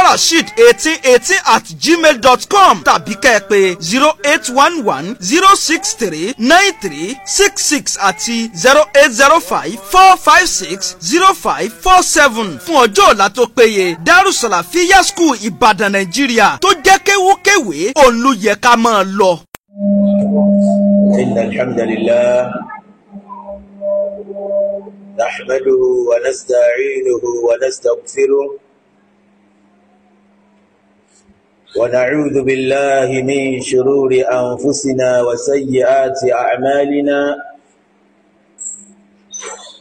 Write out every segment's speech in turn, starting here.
farasheed eighteen eighteen at gmail dot com tàbí kẹ́ẹ̀pè zero eight one one zero six three nine three six six àti zero eight zero five four five six zero five four seven fún ọjọ́ ọ̀la tó péye darussalafiya school ìbàdàn nàìjíríà tó jẹ́ kéwúkéwé òun ló yẹ ká máa lọ. إن الحمد لله نحمده ونستعينه ونستغفره ونعوذ بالله من شرور أنفسنا وسيئات أعمالنا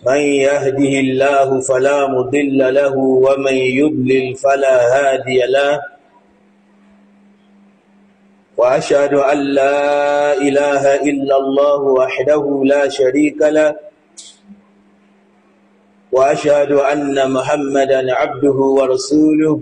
من يهده الله فلا مضل له ومن يضلل فلا هادي له وأشهد أن لا إله إلا الله وحده لا شريك له وأشهد أن محمدا عبده ورسوله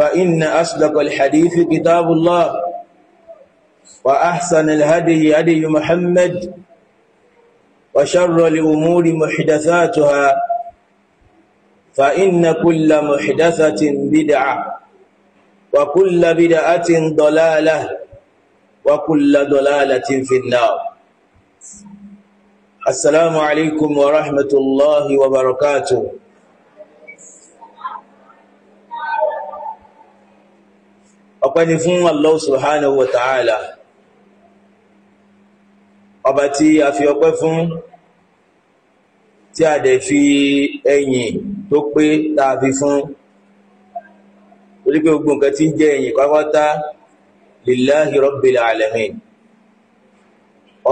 فإن أصدق الحديث كتاب الله وأحسن الهدي هدي محمد وشر الأمور محدثاتها فإن كل محدثة بدعة وكل بدعة ضلالة وكل ضلالة في النار السلام عليكم ورحمة الله وبركاته ọpẹ́ ni fún Allah subhanahu wa ta'ala ọba tí a fi ọpẹ́ fún tí a dẹ̀ fi ẹ̀yìn tó pé fún orí gbogbo nǹkan tí ń jẹ́ ẹ̀yìn lillahi rabbil alamin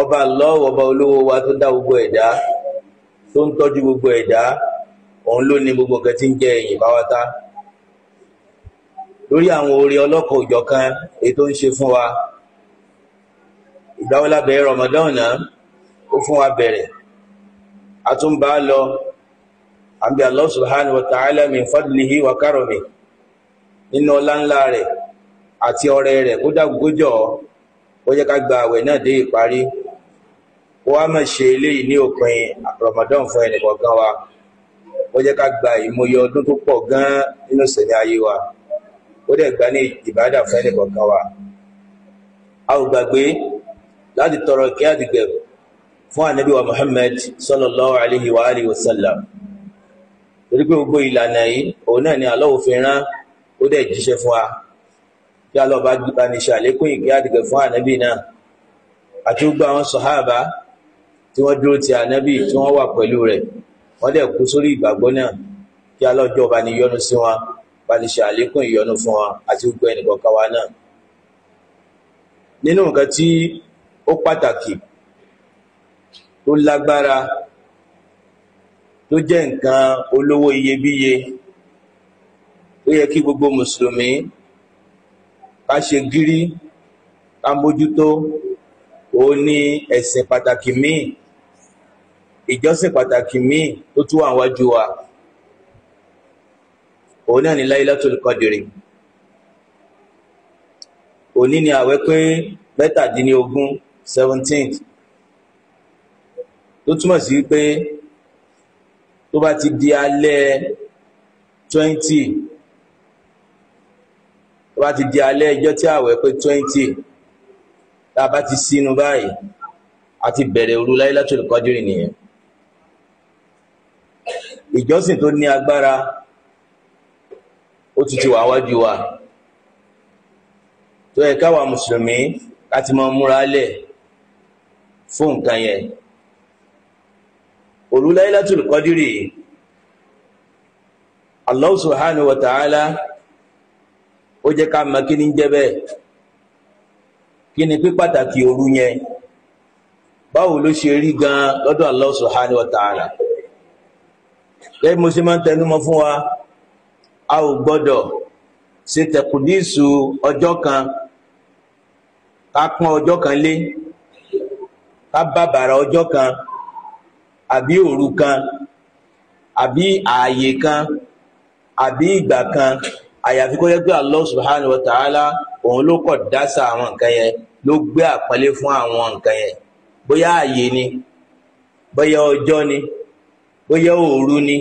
ọba Allah ọba olówó wa tó dá gbogbo ẹ̀dá tó ń gbogbo ẹ̀dá òun gbogbo nǹkan tí ń lórí àwọn orí ọlọ́kọ̀ òjọ̀ kan ètò ń ṣe fún wa ìgbàwọlá Ramadan náà ó fún wa bẹ̀rẹ̀ a tún bá lọ àbí Allah wa ta'ala min fadlihi wa nínú ọlá rẹ̀ ọrẹ rẹ̀ kó ó yẹ ká gba àwẹ̀ náà dé ìparí ó wá Ramadan fún wa ó yẹ ká gba ọdún tó pọ̀ gan-an wa. ó dẹ̀ gbà ní ìbádà fún ẹnì kọ̀ọ̀kan wa a ò gbàgbé láti tọrọ kí á ti gbẹ̀rù fún ànábì wa Muhammad sallallahu alayhi wa alihi wa sallam torí pé gbogbo ìlànà yìí òun náà ni Allah fi rán ó dẹ̀ jíṣẹ́ fún wa kí Allah bá gbígbà ní ṣàlékún ìkí á ti gbẹ̀ fún ànábì náà àti gbogbo àwọn sàhábà tí wọ́n dúró ti ànábì tí wọ́n wà pẹ̀lú rẹ̀ wọ́n dẹ̀ kú sórí ìgbàgbọ́ náà kí Allah jọba ní yọ́nú sí wọn bá lè ṣe àlékún ìyọ́nú fún wa àti gbogbo ẹnìkọ̀ọ̀kan wa náà nínú nǹkan tí ó pàtàkì tó lágbára tó jẹ́ nǹkan olówó iyebíye ó yẹ kí gbogbo mùsùlùmí ká ṣe gírí ká mójútó ó ní ẹ̀sìn pàtàkì míì ìjọsìn pàtàkì míì tó tún wà wájú wa. Juwa òun náà ni Lailatul Qadri òní ni àwẹ̀ pé mẹ́tàdínlógún seventeenth tó túmọ̀ sí wípé tó bá ti di alẹ́ twenty tó bá ti di alẹ́ ẹjọ́ tí àwẹ̀ pé twenty tá a bá ti sínú báyìí a ti bẹ̀rẹ̀ òru Lailatul Qadri nìyẹn ìjọsìn tó ní agbára ó ti wà wájú wa tó yẹ káwa mùsùlùmí láti máa múra lẹ̀ fún nǹkan yẹn òru Laylatul Qadri Allah subhanahu wa ó jẹ́ ká mọ̀ ni jẹ́ oru ni yẹn báwo ló ṣe rí gan lọ́dọ̀ Allah subhanahu wa gẹ́gẹ́ mo ṣe máa ń wa a ò gbọ́dọ̀ ṣe tẹ̀kùdísù ọjọ́ kan ká pọ́n ọjọ́ kan lé ká bàbàrà ọjọ́ kan àbí òru kan àbí ààyè kan àbí ìgbà kan àyàfi kó jẹ́ pé Allah subhanahu wa ta'ala òun ló kọ̀ dásà àwọn nǹkan yẹn ló gbé àpọ́nlé fún àwọn nǹkan yẹn bóyá ààyè ni bóyá ọjọ́ ni bóyá òru ni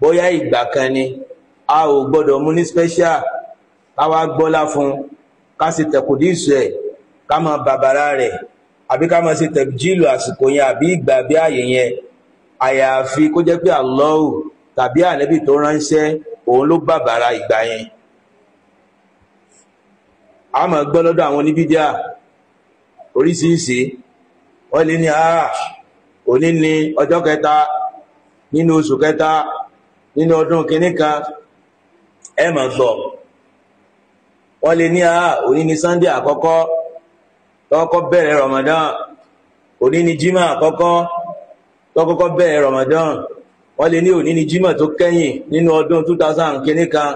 bóyá ìgbà kan ni a ò gbọ́dọ̀ mú ní special káwá gbọ́lá fún ká sì tẹ̀kùdí ìsù ẹ̀ ká mọ bàbàrà rẹ̀ àbí ká mọ sí tẹ̀jílù àsìkò yẹn àbí ìgbà bí ààyè yẹn àyàfi kó jẹ́ pé Allahu tàbí ànábì tó ránṣẹ́ òun ló bàbàrà ìgbà yẹn a mọ̀ gbọ́ lọ́dọ̀ àwọn oníbídíà oríṣiríṣi wọ́n lè ní àárà òní ní ọjọ́ kẹta nínú oṣù kẹta nínú ọdún kìnnìkan ẹ mọ̀ sọ wọ́n lè ní àá òní ni sunday àkọ́kọ́ tọ́kọ́ bẹ̀rẹ̀ ramadan òní ni jimá àkọ́kọ́ tọ́kọ́kọ́ bẹ̀rẹ̀ ramadan wọ́n lè ní òní ni jimá tó kẹ́yìn nínú ọdún 2000 kìíní kan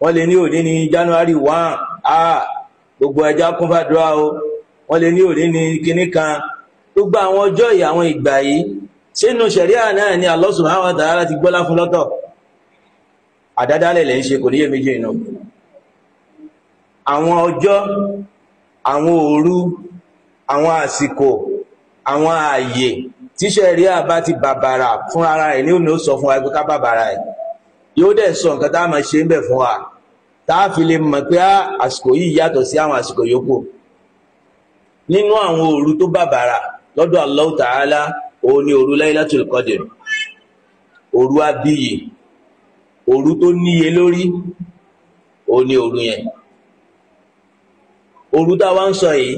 wọ́n lè ní òní ni january one àá gbogbo ẹja kún fàdúrà o wọ́n lè ní òní ni kìíní kan gbogbo àwọn ọjọ́ yìí àwọn ìgbà yìí sínú ṣẹ̀ríà náà ni Allah subhanahu wa ta'ala ti gbọ́lá fún lọ́tọ̀ àdádálẹ̀ lẹ́ ń ṣe kò níyè méjì iná àwọn ọjọ́ àwọn òru àwọn àsìkò àwọn ààyè tíṣẹ́ rí àbá ti bàbàrà fún ara rẹ̀ ní òní ó sọ fún wa pé ká bàbàrà ẹ̀ yóò dẹ̀ sọ nǹkan tá a máa ṣe ń bẹ̀ fún wa tá a fi lè mọ̀ pé àsìkò yìí yàtọ̀ sí àwọn àsìkò yòókù nínú àwọn òru tó bàbàrà lọ́dọ̀ Allah Ta'ala òun ni òru Laylatul Qadr òru abiyì òru tó níye lórí ó ni òru yẹn òru táwa ń sọ yìí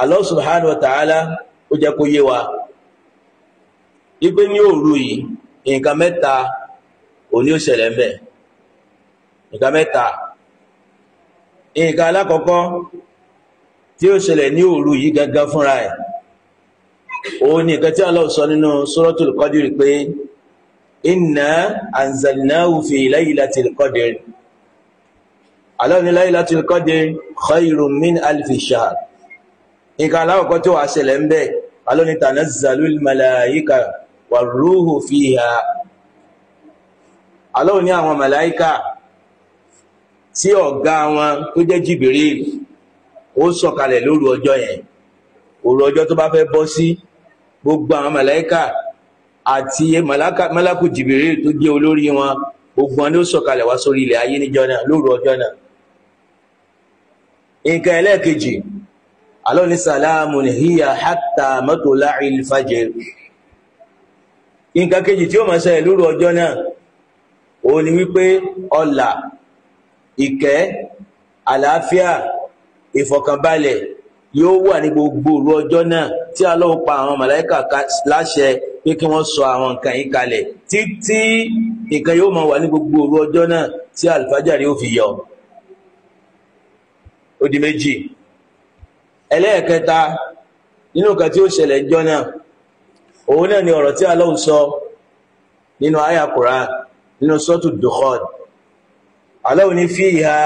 Allah subhanahu wa ta'ala ó jẹ́ kó yé wa wípé ní òru yìí nǹkan mẹ́ta òní ó ṣẹlẹ̀ ń bẹ̀ nǹkan mẹ́ta nǹkan alákọ̀ọ́kọ́ tí ó ṣẹlẹ̀ ní òru yìí gangan fúnra ẹ̀ òun ni nǹkan tí Allah sọ nínú Suratul Qadr pé inna anzalnahu fi laylatil qadr Allah ní laylatil qadr khayrun min alfi shahr nǹkan aláwọ̀kọ́ tó wà ṣẹlẹ̀ ń bẹ̀ Allah ní tanazzalul malaika warruhu fiha Allah ní àwọn màláíkà tí ọ̀gá wọn tó jẹ́ Jibril ó sọ̀kalẹ̀ lóru ọjọ́ yẹn òru ọjọ́ tó bá fẹ́ bọ́ sí gbogbo àwọn màláíkà àti malaku jìbìrì tó jẹ́ olórí wọn gbogbo ló sọ̀kalẹ̀ wá sórí ilẹ̀ ayé níjọ́ náà lóru ọjọ́ náà nǹkan ẹlẹ́ẹ̀kejì alóni sàlámù hiya hatta matla'il fajr nǹkan kejì tí ó máa ṣẹlẹ̀ lóru ọjọ náà ó ní wípé ọlà alaafia, àlàáfíà ìfọ̀kànbalẹ̀ yóò wà ní gbogbo òru ọjọ́ náà tí pa àwọn láṣẹ pé kí wọ́n sọ àwọn nǹkan yìí kalẹ̀ títí nǹkan yóò máa wà ní gbogbo òru ọjọ́ náà tí àlùfájàrí ó fi yọ ó di méjì ẹlẹ́ẹ̀kẹta nínú nǹkan tí ó ṣẹlẹ̀ ńjọ́ náà òun náà ni ọ̀rọ̀ tí Allahu sọ nínú àyà Qur'an nínú sọ́tù Dukhan Allahu ní fiha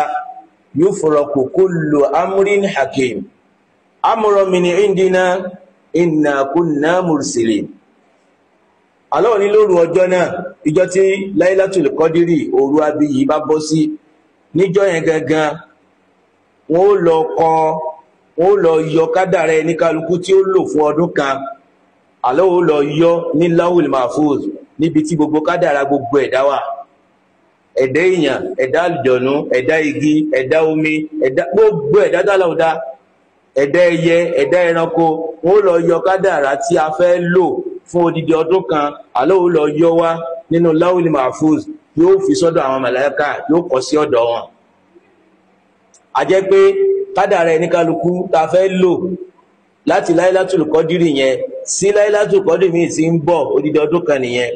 yufraqu kullu amrin hakim amran min indina inna kunna mursilin aláwọ̀ ní lóru ọjọ́ náà ìjọ tí láìlátùlù kọ́dírì òru abiyì bá bọ́ sí níjọ yẹn gangan wọ́n ó lọ kọ wọ́n ó lọ yọ kádàrá ẹni kálukú tí ó lò fún ọdún kan aláwọ̀ ó lọ yọ ní láwùl mahfuz níbi tí gbogbo kádàrá gbogbo ẹ̀dá wà ẹ̀dá èèyàn ẹ̀dá àlùjọ̀nú ẹ̀dá igi ẹ̀dá omi ẹ̀dá gbogbo ẹ̀dá dáláwọ̀dá ẹ̀dá ẹyẹ ẹ̀dá ẹranko wọ́n ó lọ yọ kádàrá tí a fẹ́ lò fún odidi ọdún kan àlọ́ ò lọ yọ wá nínú láwùlì mahfuz yóò fi sọ́dọ̀ àwọn màláíkà yóò kọ sí ọ̀dọ̀ wọn. a jẹ́ pé kádàrá ẹni kálukú tá fẹ́ lò láti láílátùlù kọ́dírì yẹn sí láílátùlù kọ́dírì míì sí ń bọ̀ odidi ọdún kan nìyẹn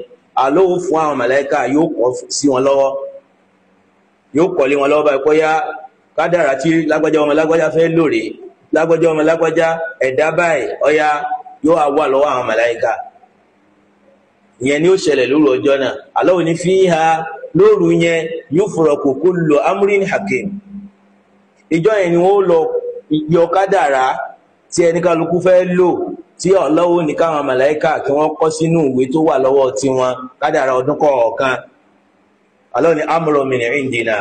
àlọ́ ò fún àwọn màláíkà yóò kọ sí wọn lọ́wọ́ yóò kọ̀lé wọn lọ́wọ́ báyìí kọ́yá kádàrá tí lágbájá ọmọ lágbájá fẹ́ lò rèé lágbájá ọmọ lágbájá ẹ̀dá báyìí ọ̀yá yóò wá lọ́wọ́ àwọn màláíkà ìyẹn ni ó ṣẹlẹ̀ lóru ọjọ́ náà aláwo ní fi ha lóru yẹn yufraqu kullu amrin hakim ìjọ yẹn ni wọ́n lọ yọ kádàrá tí ẹni kálukú fẹ́ lò tí aláwo ní káwọn màláíkà kí wọ́n kọ sínú ìwé tó wà lọ́wọ́ tiwọn kádàrá ọdún kọ̀ọ̀kan aláwo ní amrun min indina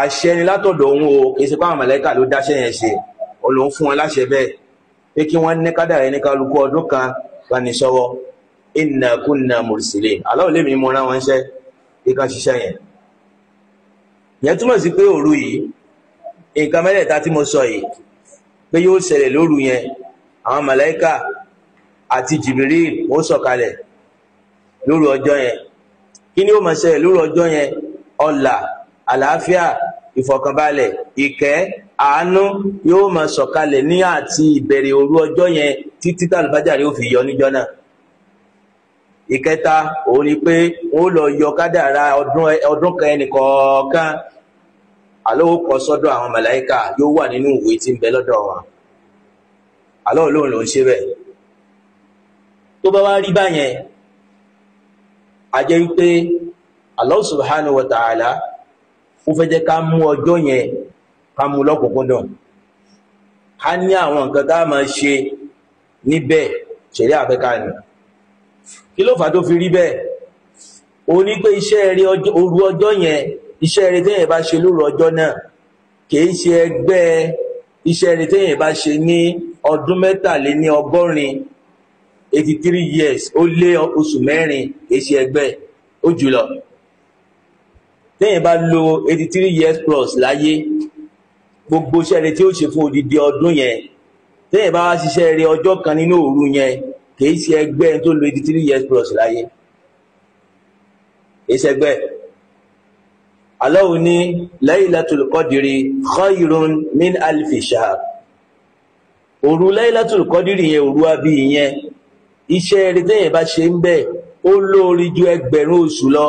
àṣẹ ni látọ̀dọ̀ òun o kì í ṣe káwọn màláíkà ló dáṣẹ́ yẹn ṣe ọlọ́run fún wọn láṣẹ bẹ́ẹ̀ pé kí wọ́n ní kádàrá ẹni ọdún kan gbanisọ́wọ́ inna kunna mursilin aláwọ̀ lè mi mú ra wọn ṣẹ́ ikan ṣiṣẹ́ yẹn yẹn túmọ̀ sí pé òru yìí nǹkan mẹ́rẹ̀ẹ̀ta tí mo sọ yìí pé yóò ṣẹlẹ̀ lóru yẹn àwọn màláíkà àti Jibril ó sọ̀kalẹ̀ lóru ọjọ́ yẹn kí ni ó máa ṣẹlẹ̀ lóru ọjọ́ yẹn ọlà àlàáfíà ìfọ̀kànbalẹ̀ ìkẹ́ àánú yóò máa sọ̀kalẹ̀ ní àti ìbẹ̀rẹ̀ òru ọjọ́ yẹn títí tàlùbájà rí ó yọ níjọ́ náà ìkẹta òun ni pé wọn lọ yọ kádàrá ọdún kan ẹnìkọ̀ọ̀kan àlọ́ kọ sọ́dọ̀ àwọn màláíkà yóò wà nínú ìwé tí ń bẹ lọ́dọ̀ wọn àlọ́ olóhùn ló ń ṣe bẹ́ẹ̀ tó bá wá rí báyẹn a jẹ́ wípé Allah subhanahu wa ta'ala ó fẹ́ jẹ́ ká mú ọjọ́ yẹn ká mú lọ́kùnkúndùn ká ní àwọn nǹkan tá máa ṣe níbẹ̀ ṣẹ̀rí àfẹ́ká ni kí ló fà tó fi rí bẹ́ẹ̀ o ní pé iṣẹ́ eré òru ọjọ́ yẹn iṣẹ́ eré téèyàn bá ṣe lóru ọjọ́ náà kìí ṣe ẹgbẹ́ iṣẹ́ eré téèyàn bá ṣe ní ọdún mẹ́tàléní ọgọ́rin eighty three years ó lé oṣù mẹ́rin kìí ṣe ẹgbẹ́ ó jùlọ téèyàn bá lo eighty three years plus láyé gbogbo iṣẹ́ eré tí ó ṣe fún odidi ọdún yẹn téèyàn bá wá ṣiṣẹ́ eré ọjọ́ kan nínú òru yẹn kìí ṣe ẹgbẹ́ tó lo eighty three years plus láyé kìí ṣe ẹgbẹ́ Allahu ní Laylatul Qadri khayrun min alfi òru Laylatul Qadri yẹn òru abí yẹn iṣẹ́ eré bá ṣe ń bẹ̀ ó lóore ju ẹgbẹ̀rún oṣù lọ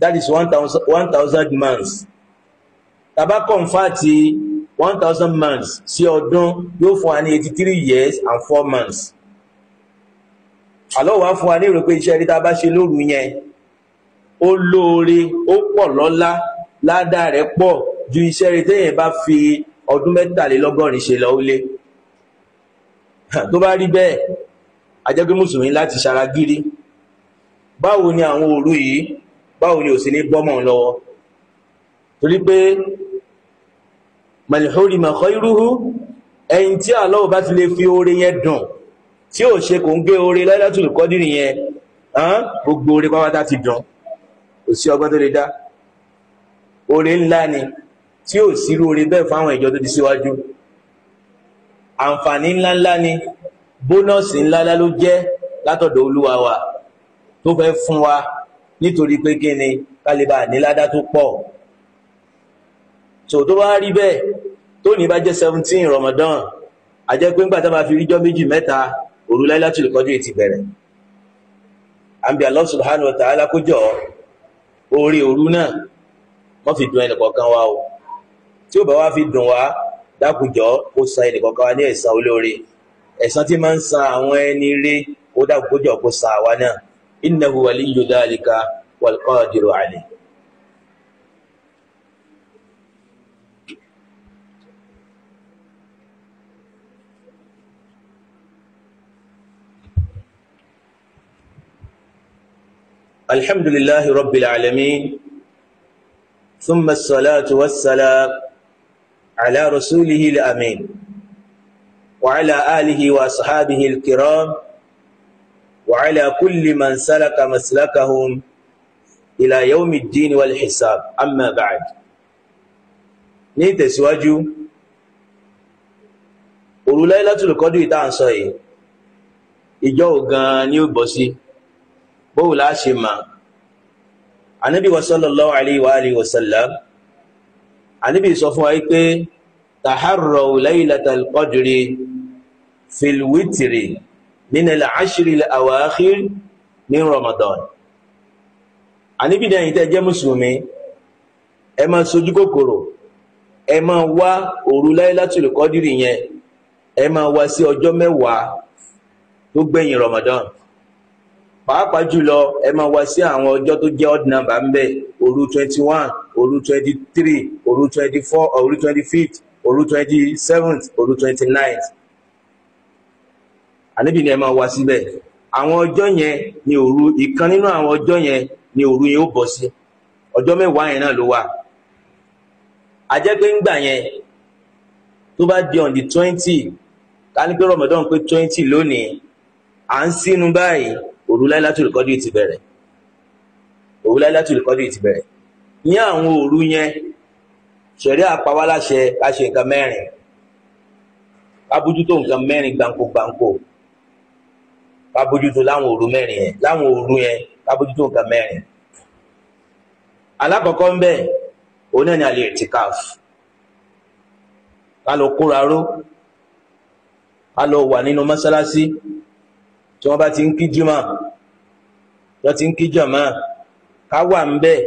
that is one thousand one thousand months tàbá kọ̀ǹfàtì one thousand months sí ọdún yóò fún wa ní eighty three years and four months àlọ́ wà fún wa ní ìròpé iṣẹ́ rí tá bá ṣe lóru yẹn ó lóore ó pọ̀ lọ́lá ládà rẹ̀ pọ̀ ju iṣẹ́ rí téèyàn bá fi ọdún mẹ́tàlélọ́gọ́rin ṣe lọ lé tó bá rí bẹ́ẹ̀ ajẹ́gbé mùsùlùmí láti ṣara gírí báwo ni àwọn òru yìí báwo ni ò sí ní bọ́mọ̀ lọ́wọ́ torí pé malihori makhoiruhu ẹ̀yìn tí àlọ́ bá ti lè fi oore yẹn dùn tí ò ṣe kò ń gé oore lẹ́lẹ́tùlù kọ́dìrì yẹn gbogbo oore pátá ti dán kò sí ọgbọ́n tó lè dá oore ńlá ni tí ò sí oore bẹ́ẹ̀ fáwọn ìjọ tó ti síwájú àǹfààní ńláńlá ni bónọ́ọ̀sì ńláńlá ló jẹ́ látọ̀dọ̀ olúwa wa tó fẹ́ fún wa nítorí pé kí ni kálíbà níládá tó pọ̀ tó tó bá rí bẹ́ẹ̀ tó ní bá jẹ́ seventeen Ramadan àjẹpé ńgbà tá a máa fi ríjọ́ méjì mẹ́ta òru Lailatul Qadr ti bẹ̀rẹ̀ àbí Allah subhanahu wa ta'ala kó jọ orí òru náà wọ́n fi dùn ẹnìkọ̀ọ̀kan wa o tí ó bá wá fi dùn wá dákùjọ́ ó san ẹnìkọ̀ọ̀kan wa ní ẹ̀san olóore ẹ̀san tí máa ń san àwọn ẹni rí ó dákùjọ́ kó san àwa náà innahu waliyyu dhalika wal qadiru alayh الحمد لله رب العالمين ثم الصلاة والسلام على رسوله الأمين وعلى آله وأصحابه الكرام وعلى كل من سلك مسلكهم إلى يوم الدين والحساب أما بعد نتسواجو òru Laylatul Qadr ìta ń sọ yìí ìjọ́ bóò láṣe ma anábì sallallahu alayhi wa alihi wa sallam anábì sọ fún wa pé taharraw laylatal qadri fil witri min al-ashri al-awakhir min Ramadan anábì náà yìí tẹ́ jẹ́ mùsùlùmí ẹ máa sojú kòkòrò ẹ máa wá òru laylatul qadri yẹn ẹ máa wá sí ọjọ́ mẹ́wàá tó gbẹ̀yìn Ramadan pàápàá jùlọ ẹ máa wá sí àwọn ọjọ́ tó jẹ́ odd number ń bẹ̀ òru twenty one òru twenty three òru twenty four òru twenty fifth òru twenty seventh òru twenty ninth àníbi ni ẹ máa wá síbẹ̀ àwọn ọjọ́ yẹn ni òru ìkan nínú àwọn ọjọ́ yẹn ni òru yẹn ó bọ̀ sí ọjọ́ mẹ́wàá yẹn náà ló wà a yẹn tó bá di on the twenty ká ní pé Ramadan pé twenty lónìí à ń sínú báyìí òru Lailatul Qadri ti bẹ̀rẹ̀ òru Lailatul Qadri ti bẹ̀rẹ̀ ní àwọn òru yẹn ṣẹ̀rí àpawaláṣẹ ká ṣe nǹkan mẹ́rin ká bójútó nǹkan mẹ́rin gbáǹkó gbáǹkó ká bójútó láwọn òru mẹ́rin yẹn láwọn òru yẹn ká bójútó nǹkan mẹ́rin alákọ̀ọ́kọ́ ń bẹ̀ òun náà ni àlè ìtìkáf ká lọ kóra ró ká lọ wà nínú mọ́sálásí tí wọ́n bá ti ń kí jùmọ̀ wọ́n ti ń kí jọ̀mọ́ ká wà ń bẹ̀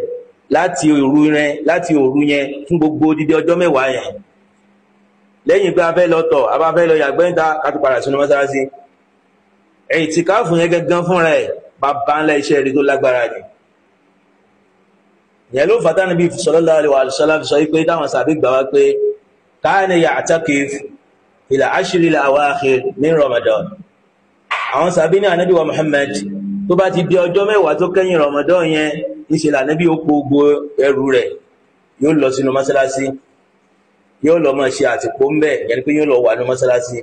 láti òru yẹn láti òru yẹn fún gbogbo odidi ọjọ́ mẹ́wàá yẹn lẹ́yìn pé a fẹ́ lọ tọ̀ a bá fẹ́ lọ yàgbẹ́ ń ta ká tó padà sínú mọ́sálásí ìtìkáàfù yẹn gangan fúnra ẹ̀ bàbá ńlá iṣẹ́ rí tó lágbára ni ìyẹn ló fàtà níbi sallallahu alaihi wasallam sọ pé táwọn sàbí gbà wá pé káà ní ya'takif ila ashri al-awakhir min Ramadan àwọn sàbí ní ànábì wa Muhammad tó bá ti di ọjọ́ mẹ́wàá tó kẹ́yìn Ramadan yẹn níṣẹ́ lànábì ó kó gbogbo ẹrù rẹ̀ yóò lọ sínú mọ́sálásí yóò lọ máa ṣe àtìpó ń bẹ̀ yẹn pé yóò lọ wà ní mọ́sálásí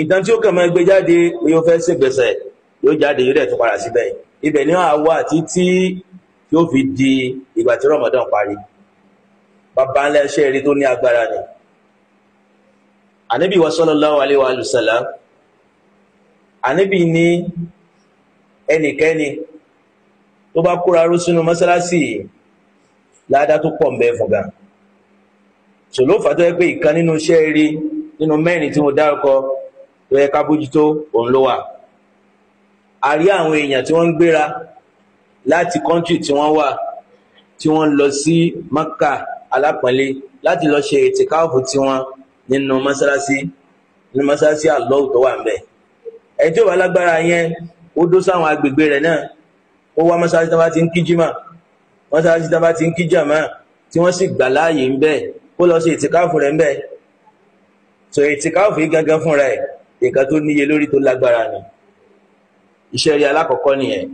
ìtàn tí ó kàn máa gbé jáde yóò fẹ́ ṣègbèsè yóò jáde yóò dẹ̀ tó padà síbẹ̀ ibẹ̀ ni wọ́n á wà títí yóò fi di ìgbà tí Ramadan parí bàbá ńlá ẹṣẹ́ rí tó ní agbára ni ànábì wa sallallahu alaihi wa sallam ànábì ní ẹnikẹ́ni tó bá kóra ró sínú mọ́sálásì ládá tó pọ̀ mbẹ́ fún gan ṣòló fà tó yẹ pé ìkan nínú iṣẹ́ rí nínú mẹ́rin tí mo dárúkọ tó yẹ ká bójútó òun ló wà a rí àwọn èèyàn tí wọ́n ń gbéra láti kọ́ńtì tí wọ́n wà tí wọ́n lọ sí Maka alápọ̀nlé láti lọ ṣe ètìkáàfù tiwọn nínú mọ́sálásí nínú mọ́sálásí àlọ́wù tó wà ń bẹ́ẹ̀ ẹni tí ò bá lágbára yẹn ó dó sáwọn agbègbè rẹ̀ náà ó wá mọ́sálásí tí wọ́n ti ń kí jímọ̀ mọ́sálásí tí wọ́n ti ń kí jàmá tí wọ́n sì gbà láàyè ń bẹ̀ kó lọ sí ìtìkáàfù rẹ̀ ń bẹ̀ so ìtìkáàfù yìí gangan fúnra ẹ̀ nǹkan tó níye lórí tó lágbára ni iṣẹ́ rí alákọ̀ọ́kọ́ nìyẹn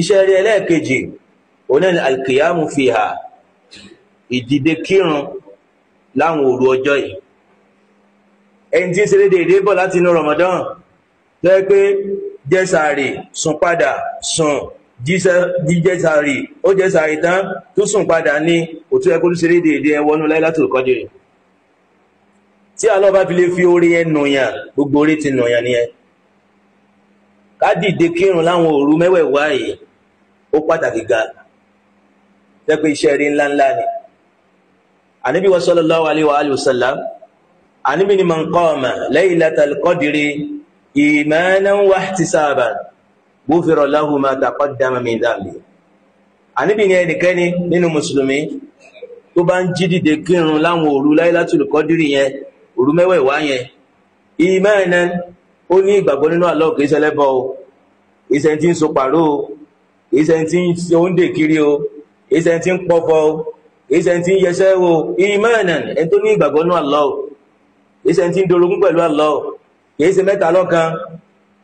iṣẹ́ rí ẹlẹ́ẹ̀kejì òun náà ni alkiyamu fi hà ìdìde kírun láwọn òru ọjọ́ yìí ẹni tí ń ṣe déédéé bọ̀ láti inú Ramadan tẹ́ pé jẹ́sàárì sùn padà sùn jíjẹ́sàárì ó jẹ́sàárì tán tó sùn padà ní òtú ẹkú tó ṣeré dèédé ẹwọnú láìlátò kọ́dìrì tí Allah bá fi lè fi orí ẹ nùyàn gbogbo orí ti nùyàn ni ẹ ká kírun láwọn òru mẹ́wẹ̀ẹ̀wá yìí ó pàtàkì ga tẹ́ iṣẹ́ rí ńláńlá ni àníbí wa sallallahu alaihi wa alihi wa àníbí ni man qama laylatal qadri ìmánà wàhtísáàbà gúfèrò láhùmá taqaddama min dhanbi àníbì ní ẹnikẹ́ni nínú mùsùlùmí tó bá ń jí dìde kírun láwọn òru láìlátùlù kọ́dírì yẹn òru mẹ́wẹ̀ẹ̀wá yẹn ìmánà ó ní ìgbàgbọ́ nínú Allah kìí ṣẹlẹ́bọ o ìṣẹ́ tí ń so pàró o ìṣẹ́ tí ń ṣe oúnjẹ kiri o ìṣẹ́ tí ń pọ̀fọ o ìṣẹ́ tí ń yẹsẹ́ o ìmánà ẹni tó ní ìgbàgbọ́ nínú Allah ìṣẹ́ kìí se mẹ́ta lọ́kan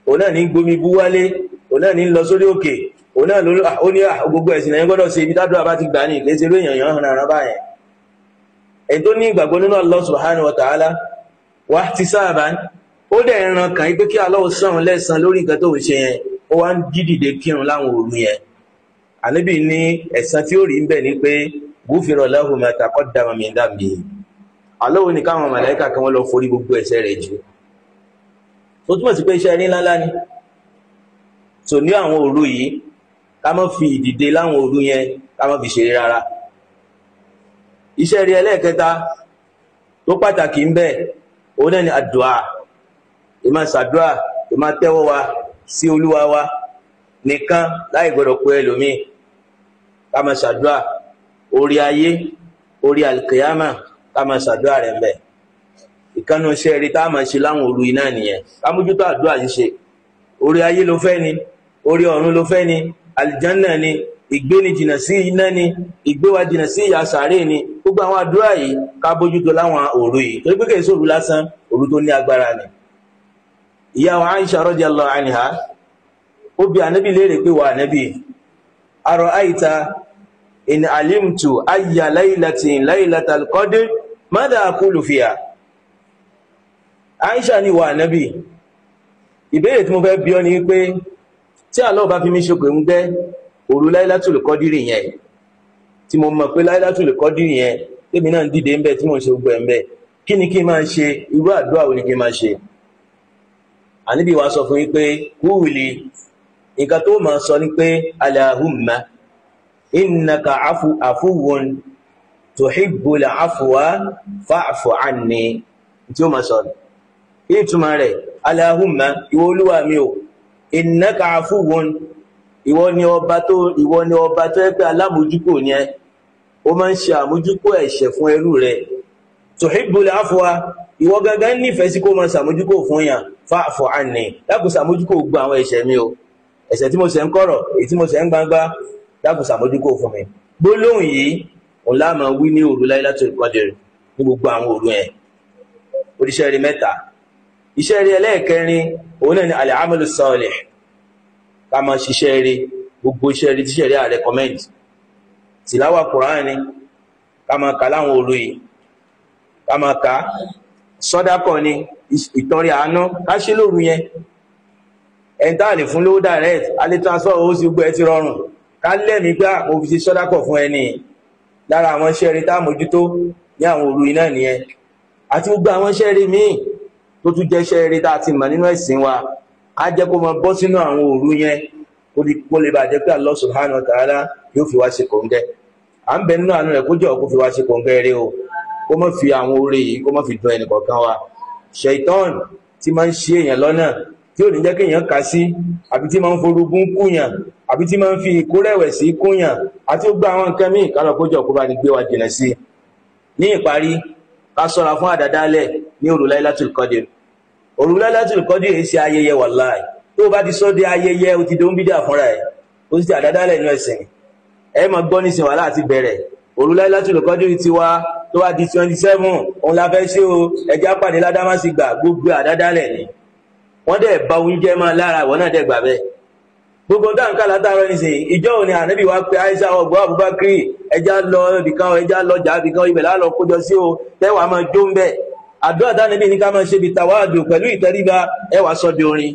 òun náà ní gbomi bú wálé òun náà ní lọ sórí òkè òun náà ó ní gbogbo ẹ̀sìn lẹ́yìn gbọ́dọ̀ ṣe ibi tádùn àbá ti gbà ní kìí ṣe lóyìn yàn hàn án báyẹn ẹni tó ní ìgbàgbọ́ nínú Allah wa ta'ala wá ti sáàbà ó dẹ̀ kàn pé kí sàn lẹ́sàn lórí nǹkan tó ń ṣe yẹn ó wá ń yẹn àníbì ní tí ó rí ń bẹ̀ pé káwọn ó túmọ̀ sí pé iṣẹ́ ní ńláńlá ni tò ní àwọn òru yìí ká má fi ìdìde láwọn òru yẹn ká má fi ṣeré rárá iṣẹ́ rí ẹlẹ́ẹ̀kẹta tó pàtàkì ń bẹ òun náà ni àdúà ìmá ṣàdúà ìmá tẹ́wọ́ wa sí olúwa wa nìkan láì gbọ́dọ̀ pé ẹlòmíì ká má ṣàdúà orí ayé orí alkiyama ká má ṣàdúà rẹ̀ ń bẹ ìkànnì iṣẹ́ rí tá a máa ṣe láwọn òru iná nìyẹn ká mójútó àdúrà ṣíṣe orí ayé ló fẹ́ ni orí ọ̀run ló fẹ́ ni àlìjánná ni ìgbé ni jìnà sí iná ni ìgbé wa jìnà sí ìyà sàárè ni gbogbo àwọn àdúrà yìí ká bójútó láwọn òru yìí torí pé kèé sóru lásán òru tó ní agbára ni ìyá wa Aisha radiyallahu anha ó bi ànábì léèrè pé wà ànábì arọ àìta in alimtu ayya laylatin laylatal qadr mada akulu fiha Aisha ni wà nábì ìbéèrè tí mo fẹ́ bi ọ́ ni wípé tí Allah bá fi mí ṣokò ń gbẹ́ òru láìlátùlù kọ́dírì yẹn tí mo mọ̀ pé láìlátùlù kọ́dírì yẹn tèmi náà ń dìde ń bẹ̀ tí mo ń ṣe gbogbo ẹ̀ ń bẹ̀ kí ni kí n máa ṣe irú àdúrà wo ni kí n máa ṣe àníbí wa sọ fún wípé kúwìlì nǹkan tó máa sọ ní pé Allahumma innaka afuwun tuhibbul afwa fa'fu anni tí ó máa sọ ìtumà rẹ̀ aláhùnmá ìwọ olúwa mi ò ìnáka àfúwọn ìwọ ni ọba tó ìwọ ni ọba tó ẹgbẹ́ alámójúkò ní ẹ o máa ń ṣe àmójúkò ẹ̀ṣẹ̀ fún ẹrú rẹ̀ tòhíbùlẹ̀ àfọwà ìwọ gangan nífẹ̀ẹ́ sí kó máa ṣàmójúkò fún yàn àní ṣàmójúkò àwọn ẹ̀ṣẹ̀ mi o ẹ̀ṣẹ̀ tí mo ń kọ̀rọ̀ èyí tí mo ń gbangba mi gbólóhùn yìí òun láàmà wí ní iṣẹ́ rí ẹlẹ́ẹ̀kẹrin òun náà ni al-amalu salih ká máa ṣiṣẹ́ rí gbogbo iṣẹ́ rí tíṣẹ́ rí recommend tìláwà kùránì ká máa kà láwọn òru yìí ká máa kà sọ́dákọ̀ ni ìtọrẹ àánú ká ṣe lóru yẹn ẹ̀ńtà lè fún lówó direct alẹ́ transfer owó sí gbogbo ẹ ti rọrùn ká lẹ́mí gbá mo fi ṣe sọ́dákọ̀ fún ẹni lára àwọn iṣẹ́ rí tá àmójútó ní àwọn òru náà nìyẹn àti gbogbo àwọn iṣẹ́ rí míì tó tún jẹ́ iṣẹ́ eré tá a ti mọ̀ nínú ẹ̀sìn wa á jẹ́ kó máa bọ́ sínú àwọn òru yẹn kó lè bá jẹ́ pé Allah subhanahu wa ta'ala yóò fi wá ṣe kòǹgẹ́ à ń bẹ nínú àánú rẹ̀ kó jẹ́ ọ̀kú fi wá ṣe kòǹgẹ́ eré o kó má fi àwọn orí yìí kó má fi dùn ẹnìkọ̀ọ̀kan wa ṣèitán tí máa ń ṣe èèyàn lọ́nà tí ò ní jẹ́ kéèyàn kà sí àbí tí máa ń forúgún kúyàn àbí tí máa ń fi ìkórẹ̀wẹ̀sí kúyàn àti ó gba àwọn nǹkan míì kálọ̀ kójọ kó bá ní gbé wa jìnà sí ní ìparí ká sọ́ra fún àdádálẹ̀ ní òru Lailatul òru lẹ́lẹ́tùn kọ́dí èyí sí ayẹyẹ wàláì tó bá ti sọ́ di ayẹyẹ o ti dé ń bí dà fúnra ẹ̀ ó ti àdádálẹ̀ inú ẹ̀sìn ẹ mọ̀ gbọ́ ní ìsìnwá láti bẹ̀rẹ̀ òru lẹ́lẹ́tùn kọ́dí ti wá tó wá di twenty seven òun la fẹ́ ṣe o ẹja pàdé ládámásì gbà gbogbo àdádálẹ̀ ni wọ́n dẹ̀ ba oúnjẹ máa lára ìwọ náà dẹ̀ gbà bẹ́ẹ̀ gbogbo dáǹkà látàárọ̀ ní sè ìjọ òní ànábì wá pé àìsà ọgbọ Abubakar ẹja lọ ibìkan ẹja lọ jà ibìkan ibẹ̀ lálọ kójọ sí o tẹwàá máa jó ń bẹ́ẹ̀ àdúrà dánibí ní ká máa ṣe bí tàwádùn pẹ̀lú ìtẹríba ẹwà sọ́dí orin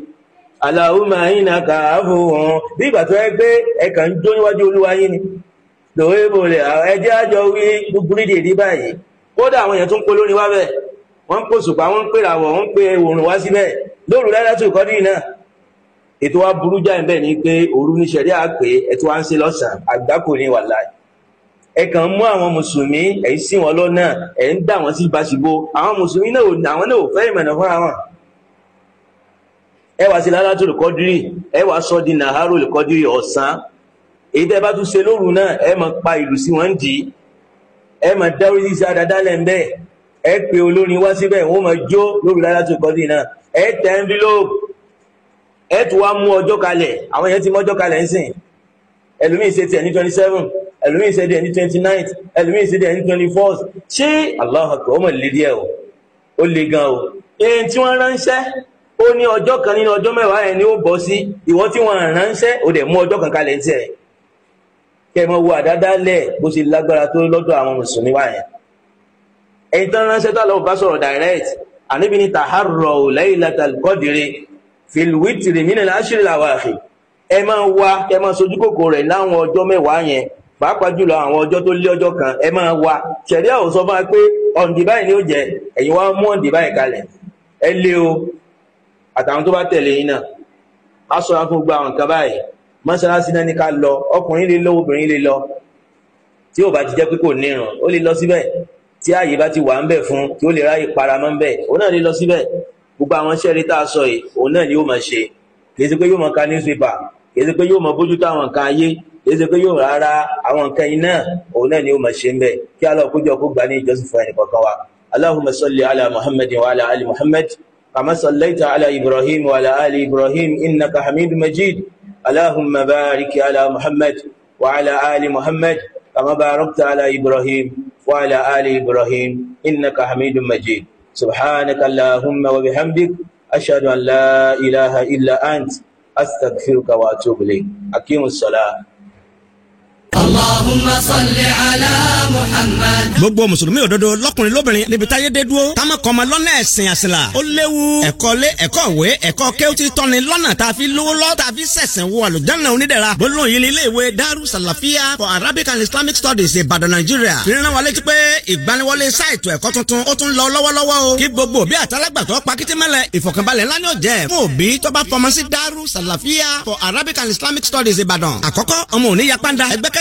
aláhùmá ìnà kàáfù wọn bí ìgbà tó ẹ gbé ẹkàn ń jó níwájú olúwa yín ni lòwe ìbòlẹ̀ ẹjẹ́ àjọ wí gbogbo nídìí èdè báyìí kódà àwọn èèyàn tó ń polórin wá bẹ́ẹ̀ wọ́n ń pòṣùpá wọ́n ń pèrà wọ̀ wọ́n ń pe òòrùn wá síbẹ̀ lóru láìláṣù ìkọ́dí náà ètò wa burú jáì bẹ́ẹ̀ ni pé òru ní àpè ẹ̀tọ́ wa ń ṣe lọ́sàn-án àgbákò ní wàláì ẹ kàn mú àwọn mùsùlùmí ẹ̀ ń sí wọn lọ́nà ẹ̀ ń dà wọ́n sí ìbáṣigbó àwọn mùsùlùmí náà àwọn náà ò fẹ́ ìmọ̀nà fúnra wọn ẹ wá sí lálátò lùkọ́dírì ẹ wá sọ di nàárò lùkọ́dírì ọ̀sán èyí tẹ́ bá tún ṣe lóru náà ẹ máa pa ìlú sí wọn dì í ẹ máa dá orí sí àdàdá lẹ́ńbẹ́ ẹ pé olórin wá síbẹ̀ wọ́n máa jó lóru lálátò lùkọ́dírì náà ẹ tẹ envelope ẹ tún wá mú ọjọ́ kalẹ̀ àwọn yẹn ti mú ọjọ́ kalẹ̀ ń sìn ẹlòmíì ṣe tiẹ̀ ní twenty seven ẹlòmíì ṣe díẹ̀ ní twenty ninth ẹlòmíì ṣe díẹ̀ ní twenty fourth ṣé aláhùn kò mọ̀ lé díẹ̀ o ó le gan o èyí tí wọ́n ránṣẹ́ ó ní ọjọ́ kan nínú ọjọ́ mẹ́wàá yẹn ni ó bọ́ sí ìwọ tí wọ́n ránṣẹ́ ó dẹ̀ mú ọjọ́ kan kalẹ̀ tiẹ̀ kẹ́ ẹ mọ wo àdádálẹ̀ bó ṣe lágbára tó lọ́dọ̀ àwọn mùsùlùmí wa yẹn ẹ̀yin tán ránṣẹ́ tó àlọ́ bá sọ̀rọ̀ direct àníbi ni tàhárọ̀ laylatal qadri fil witri minal ashril awakhir ẹ máa wá ẹ máa sojú kòkòrò ẹ̀ láwọn ọjọ́ mẹ́wàá yẹn pàápàá jùlọ àwọn ọjọ́ tó lé ọjọ́ kan ẹ máa wa ṣẹ̀ríà ò sọ fún wa pé ọ̀ǹdì báyìí ni ó jẹ́ ẹ̀yin wá mú ọ̀ǹdì báyìí kalẹ̀ ẹ lé o àtàwọn tó bá tẹ̀lé yín náà á sọra fún gbogbo àwọn nǹkan báyìí mọ́ṣáláṣí náà ní ká lọ ọkùnrin lè lọ obìnrin lè lọ tí ò bá ti jẹ́ pé kò níran ó lè lọ síbẹ̀ tí ààyè bá ti wà ń bẹ̀ fún tí ó lè ráyè paramọ́ ń bẹ̀ òun náà lè lọ síbẹ̀ gbogbo àwọn iṣẹ́ rí tá a sọ yìí òun náà ni yóò máa ṣe kì í ṣe pé yóò máa ka newspaper kì í ṣe pé yóò máa bójú àwọn nǹkan ayé èsì pé yóò rárá àwọn nǹkan iná òun náà ni ó máa ṣe ń bẹ kí Allah kójọ kó gbà ní ìjọsìn fún ẹnì kọ̀ọ̀kan wa Allahumma salli ala Muhammadin wa ala ali Muhammad kama sallaita ala Ibrahim wa ala ali Ibrahim innaka hamidun majid Allahumma barik ala Muhammad wa ala ali Muhammad kama barakta ala Ibrahim wa ala ali Ibrahim innaka hamidun majid subhanaka Allahumma wa bihamdik ashhadu an ilaha illa ant astaghfiruka wa atubu ilayk aqimus Allahumma salli ala Muhammad. gbogbo mùsùlùmí òdodo lọ́kùnrin lóbìnrin níbi táyé dé dúró táwọn kan máa lọ́nà ẹ̀sìn àṣìlá ó léwu ẹ̀kọ́ lé ẹ̀kọ́ ìwé ẹ̀kọ́ kéwútì tọ́ni lọ́nà tá a fi lówó lọ́ tá a fi sẹ̀sẹ̀ wọ àlùjáná onídẹ̀ra gbólóhùn yìí ní ilé ìwé Daru Salafia for Arabic and Islamic Studies Ìbàdàn Nàìjíríà ìrìnà wa létí pé ìgbaniwọlé sáìtù ẹ̀kọ́ tuntun ó tún lọ lọ́wọ́lọ́wọ́ o kí gbogbo òbí àtàlágbàtọ́ pakitímẹ́lẹ̀ ìfọ̀kànbalẹ̀ ńlá ni ó jẹ́ fún òbí tó bá fọmọ Daru Salafia for Arabic and Islamic Studies Ìbàdàn àkọ́kọ́ ọmọ òní yapanda ẹgbẹ́kẹ́